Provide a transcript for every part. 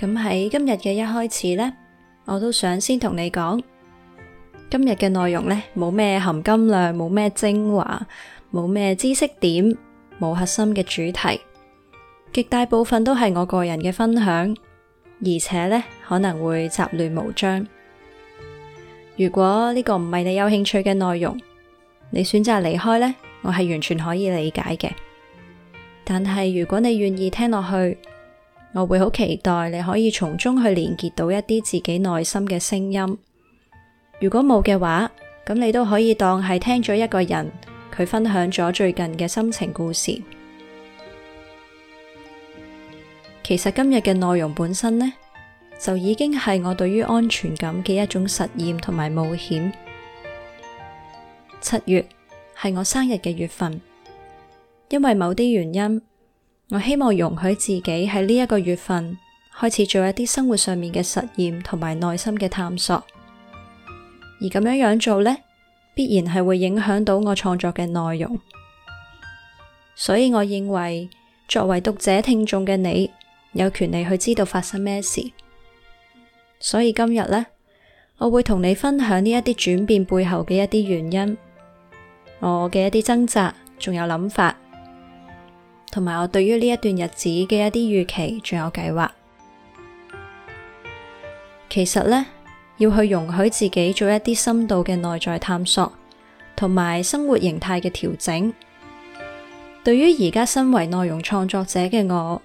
咁喺今日嘅一開始呢，我都想先同你講，今日嘅內容呢，冇咩含金量，冇咩精華，冇咩知識點，冇核心嘅主題，極大部分都係我個人嘅分享，而且呢可能會雜亂無章。如果呢個唔係你有興趣嘅內容，你選擇離開呢，我係完全可以理解嘅。但係如果你願意聽落去，我會好期待你可以從中去連結到一啲自己內心嘅聲音。如果冇嘅話，咁你都可以當係聽咗一個人，佢分享咗最近嘅心情故事。其實今日嘅內容本身呢，就已經係我對於安全感嘅一種實驗同埋冒險。七月係我生日嘅月份，因為某啲原因。我希望容許自己喺呢一個月份開始做一啲生活上面嘅實驗同埋內心嘅探索，而咁樣樣做呢，必然係會影響到我創作嘅內容。所以我認為，作為讀者聽眾嘅你，有權利去知道發生咩事。所以今日呢，我會同你分享呢一啲轉變背後嘅一啲原因，我嘅一啲掙扎，仲有諗法。同埋我對於呢一段日子嘅一啲預期，仲有計劃。其實呢，要去容許自己做一啲深度嘅內在探索，同埋生活形態嘅調整。對於而家身為內容創作者嘅我，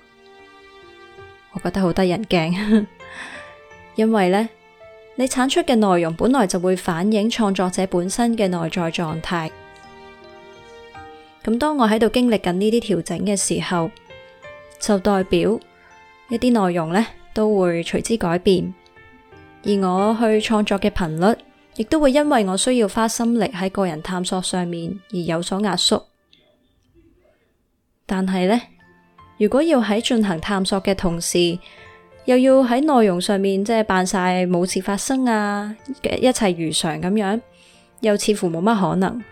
我覺得好得人驚， 因為呢，你產出嘅內容本來就會反映創作者本身嘅內在狀態。咁當我喺度經歷緊呢啲調整嘅時候，就代表一啲內容呢都會隨之改變，而我去創作嘅頻率，亦都會因為我需要花心力喺個人探索上面而有所壓縮。但係呢，如果要喺進行探索嘅同時，又要喺內容上面即係扮晒冇事發生啊，一一切如常咁樣，又似乎冇乜可能。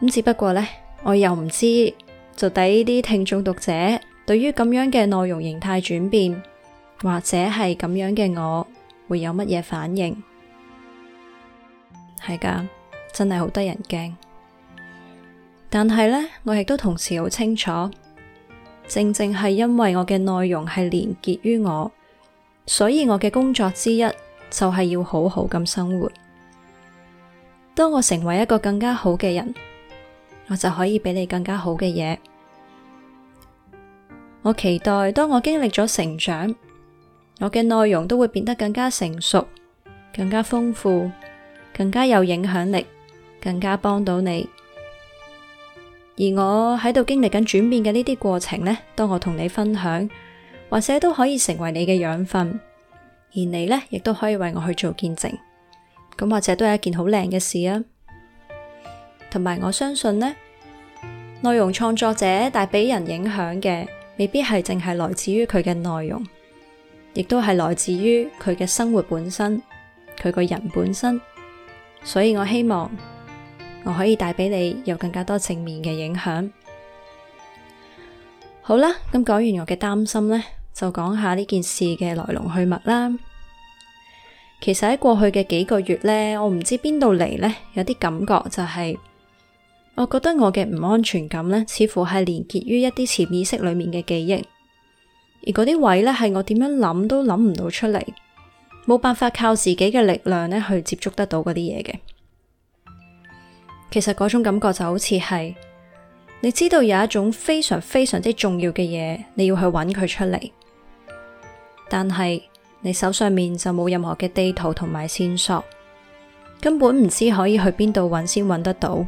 咁只不過呢，我又唔知到底呢啲聽眾讀者對於咁樣嘅內容形態轉變，或者係咁樣嘅我，會有乜嘢反應？係噶，真係好得人驚。但係呢，我亦都同時好清楚，正正係因為我嘅內容係連結於我，所以我嘅工作之一就係要好好咁生活。當我成為一個更加好嘅人，我就可以俾你更加好嘅嘢。我期待當我經歷咗成長，我嘅內容都會變得更加成熟、更加豐富、更加有影響力、更加幫到你。而我喺度經歷緊轉變嘅呢啲過程呢，當我同你分享，或者都可以成為你嘅養分，而你呢，亦都可以為我去做見證，咁或者都係一件好靚嘅事啊！同埋，我相信呢內容創作者帶俾人影響嘅，未必係淨係來自於佢嘅內容，亦都係來自於佢嘅生活本身，佢個人本身。所以我希望我可以帶俾你有更加多正面嘅影響。好啦，咁講完我嘅擔心呢，就講下呢件事嘅來龍去脈啦。其實喺過去嘅幾個月呢，我唔知邊度嚟呢，有啲感覺就係、是。我覺得我嘅唔安全感呢，似乎係連結於一啲潛意識裏面嘅記憶，而嗰啲位呢，係我點樣諗都諗唔到出嚟，冇辦法靠自己嘅力量呢去接觸得到嗰啲嘢嘅。其實嗰種感覺就好似係你知道有一種非常非常之重要嘅嘢，你要去揾佢出嚟，但係你手上面就冇任何嘅地圖同埋線索，根本唔知可以去邊度揾先揾得到。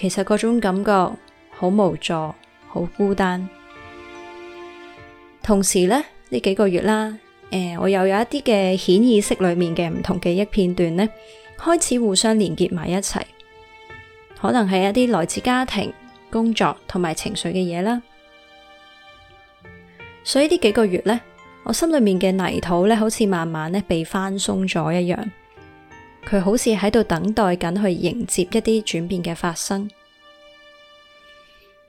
其實嗰種感覺好無助、好孤單，同時咧呢幾個月啦，誒、呃、我又有一啲嘅顯意識裏面嘅唔同記憶片段咧，開始互相連結埋一齊，可能係一啲來自家庭、工作同埋情緒嘅嘢啦。所以呢幾個月咧，我心裏面嘅泥土咧，好似慢慢咧被翻鬆咗一樣。佢好似喺度等待緊去迎接一啲轉變嘅發生，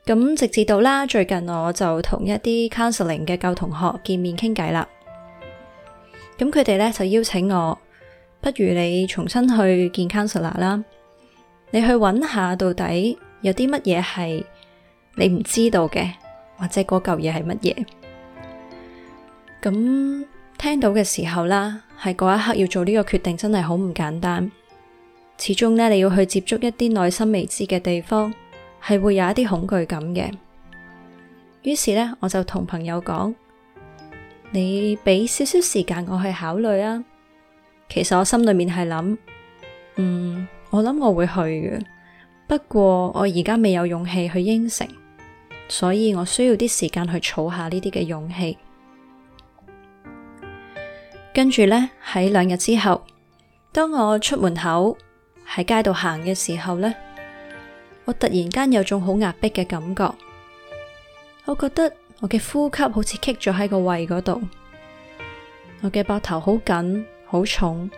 咁直至到啦，最近我就同一啲 counseling 嘅舊同學見面傾偈啦，咁佢哋咧就邀請我，不如你重新去見 counselor 啦，你去揾下到底有啲乜嘢係你唔知道嘅，或者嗰嚿嘢係乜嘢，咁。聽到嘅時候啦，係嗰一刻要做呢個決定，真係好唔簡單。始終呢，你要去接觸一啲內心未知嘅地方，係會有一啲恐懼感嘅。於是呢，我就同朋友講：你俾少少時間我去考慮啊。其實我心裏面係諗，嗯，我諗我會去嘅，不過我而家未有勇氣去應承，所以我需要啲時間去儲下呢啲嘅勇氣。跟住呢，喺兩日之後，當我出門口喺街度行嘅時候呢，我突然間有種好壓迫嘅感覺，我覺得我嘅呼吸好似棘咗喺個胃嗰度，我嘅膊頭好緊好重，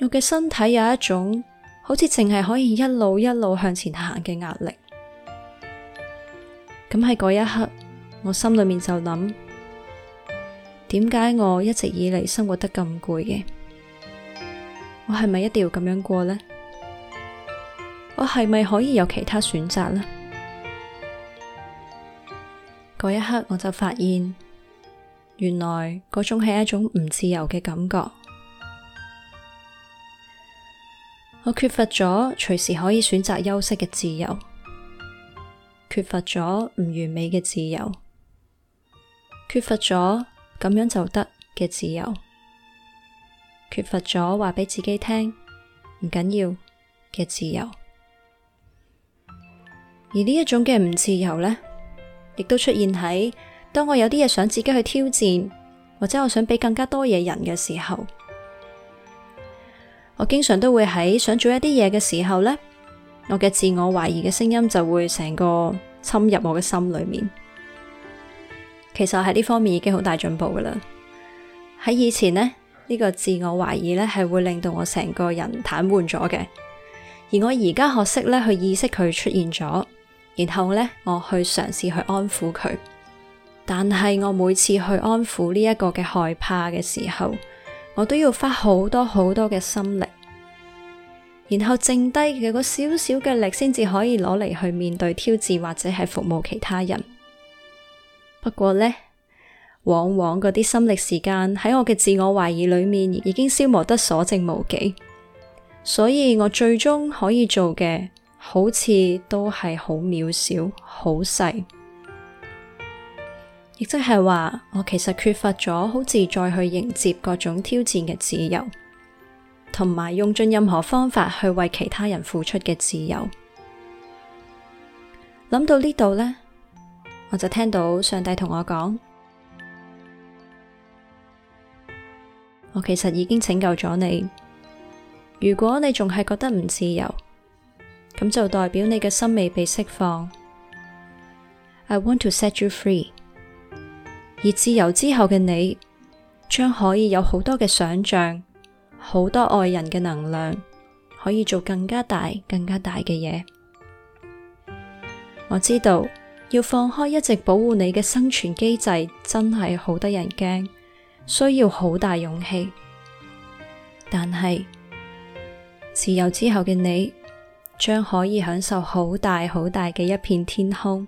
我嘅身體有一種好似淨係可以一路一路向前行嘅壓力。咁喺嗰一刻，我心裏面就諗。點解我一直以嚟生活得咁攰嘅？我係咪一定要咁樣過呢？我係咪可以有其他選擇呢？嗰一刻我就發現，原來嗰種係一種唔自由嘅感覺。我缺乏咗隨時可以選擇休息嘅自由，缺乏咗唔完美嘅自由，缺乏咗。咁樣就得嘅自由，缺乏咗話俾自己聽唔緊要嘅自由。而呢一種嘅唔自由呢，亦都出現喺當我有啲嘢想自己去挑戰，或者我想俾更加多嘢人嘅時候，我經常都會喺想做一啲嘢嘅時候呢，我嘅自我懷疑嘅聲音就會成個侵入我嘅心裏面。其實喺呢方面已經好大進步㗎喇。喺以前呢，呢個自我懷疑咧係會令到我成個人癱瘓咗嘅。而我而家學識咧去意識佢出現咗，然後咧我去嘗試去安撫佢。但係我每次去安撫呢一個嘅害怕嘅時候，我都要花好多好多嘅心力，然後剩低嘅嗰少少嘅力先至可以攞嚟去面對挑戰或者係服務其他人。不過呢，往往嗰啲心力時間喺我嘅自我懷疑裏面，已經消磨得所剩無幾，所以我最終可以做嘅，好似都係好渺小、好細，亦即係話，我其實缺乏咗好自在去迎接各種挑戰嘅自由，同埋用盡任何方法去為其他人付出嘅自由。諗到呢度呢。我就聽到上帝同我講，我其實已經拯救咗你。如果你仲係覺得唔自由，咁就代表你嘅心未被釋放。I want to set you free。而自由之後嘅你，將可以有好多嘅想象，好多愛人嘅能量，可以做更加大、更加大嘅嘢。我知道。要放開一直保護你嘅生存機制，真係好得人驚，需要好大勇氣。但係自由之後嘅你，將可以享受好大好大嘅一片天空，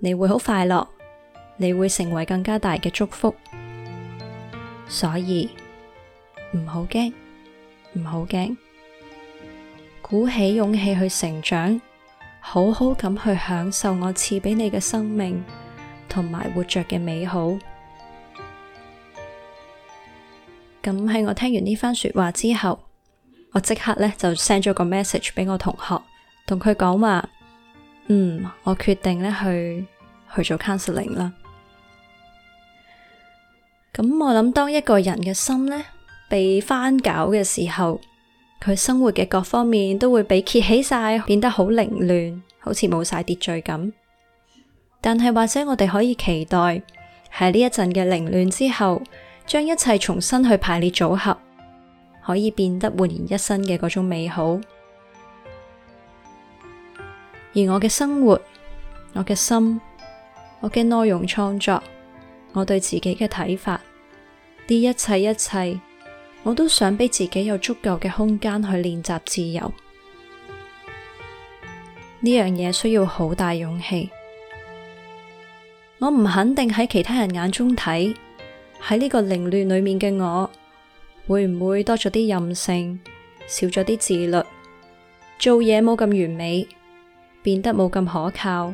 你會好快樂，你會成為更加大嘅祝福。所以，唔好驚，唔好驚，鼓起勇氣去成長。好好咁去享受我賜俾你嘅生命，同埋活着嘅美好。咁喺我聽完呢番說話之後，我即刻咧就 send 咗個 message 俾我同學，同佢講話：，嗯，我決定咧去去做 counseling 啦。咁我諗，當一個人嘅心咧被翻攪嘅時候，佢生活嘅各方面都會被揭起晒，變得好凌亂，好似冇晒秩序咁。但係或者我哋可以期待，喺呢一陣嘅凌亂之後，將一切重新去排列組合，可以變得煥然一新嘅嗰種美好。而我嘅生活，我嘅心，我嘅內容創作，我對自己嘅睇法，啲一切一切。我都想俾自己有足夠嘅空間去練習自由，呢樣嘢需要好大勇氣。我唔肯定喺其他人眼中睇，喺呢個凌亂裏面嘅我，會唔會多咗啲任性，少咗啲自律，做嘢冇咁完美，變得冇咁可靠，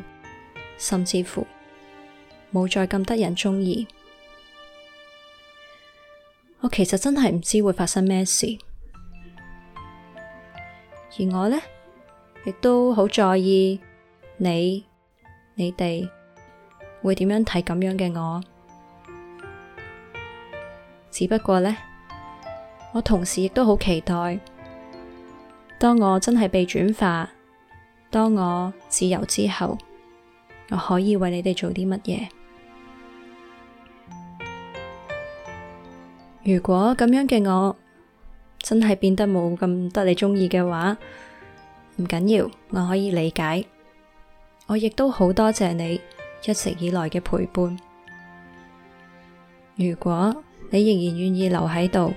甚至乎冇再咁得人中意。我其實真係唔知會發生咩事，而我呢，亦都好在意你、你哋會點樣睇咁樣嘅我。只不過呢，我同時亦都好期待，當我真係被轉化，當我自由之後，我可以為你哋做啲乜嘢。如果咁樣嘅我真係變得冇咁得你鍾意嘅話，唔緊要，我可以理解。我亦都好多謝你一直以來嘅陪伴。如果你仍然願意留喺度，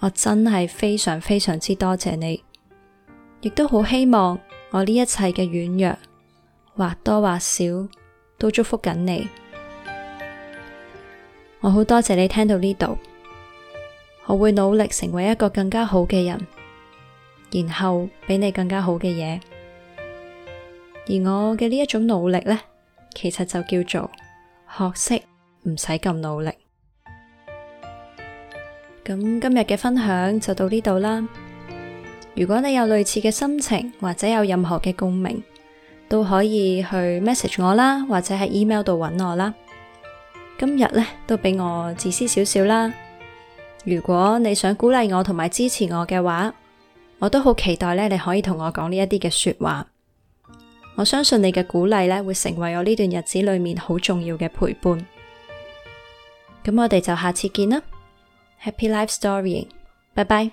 我真係非常非常之多謝你，亦都好希望我呢一切嘅軟弱，或多或少都祝福緊你。我好多謝你聽到呢度。我會努力成為一個更加好嘅人，然後俾你更加好嘅嘢。而我嘅呢一種努力咧，其實就叫做學識唔使咁努力。咁今日嘅分享就到呢度啦。如果你有類似嘅心情或者有任何嘅共鳴，都可以去 message 我啦，或者喺 email 度揾我啦。今日咧都俾我自私少少啦。如果你想鼓勵我同埋支持我嘅話，我都好期待咧，你可以同我講呢一啲嘅說話。我相信你嘅鼓勵咧，會成為我呢段日子裏面好重要嘅陪伴。咁我哋就下次見啦，Happy Life Story，拜拜。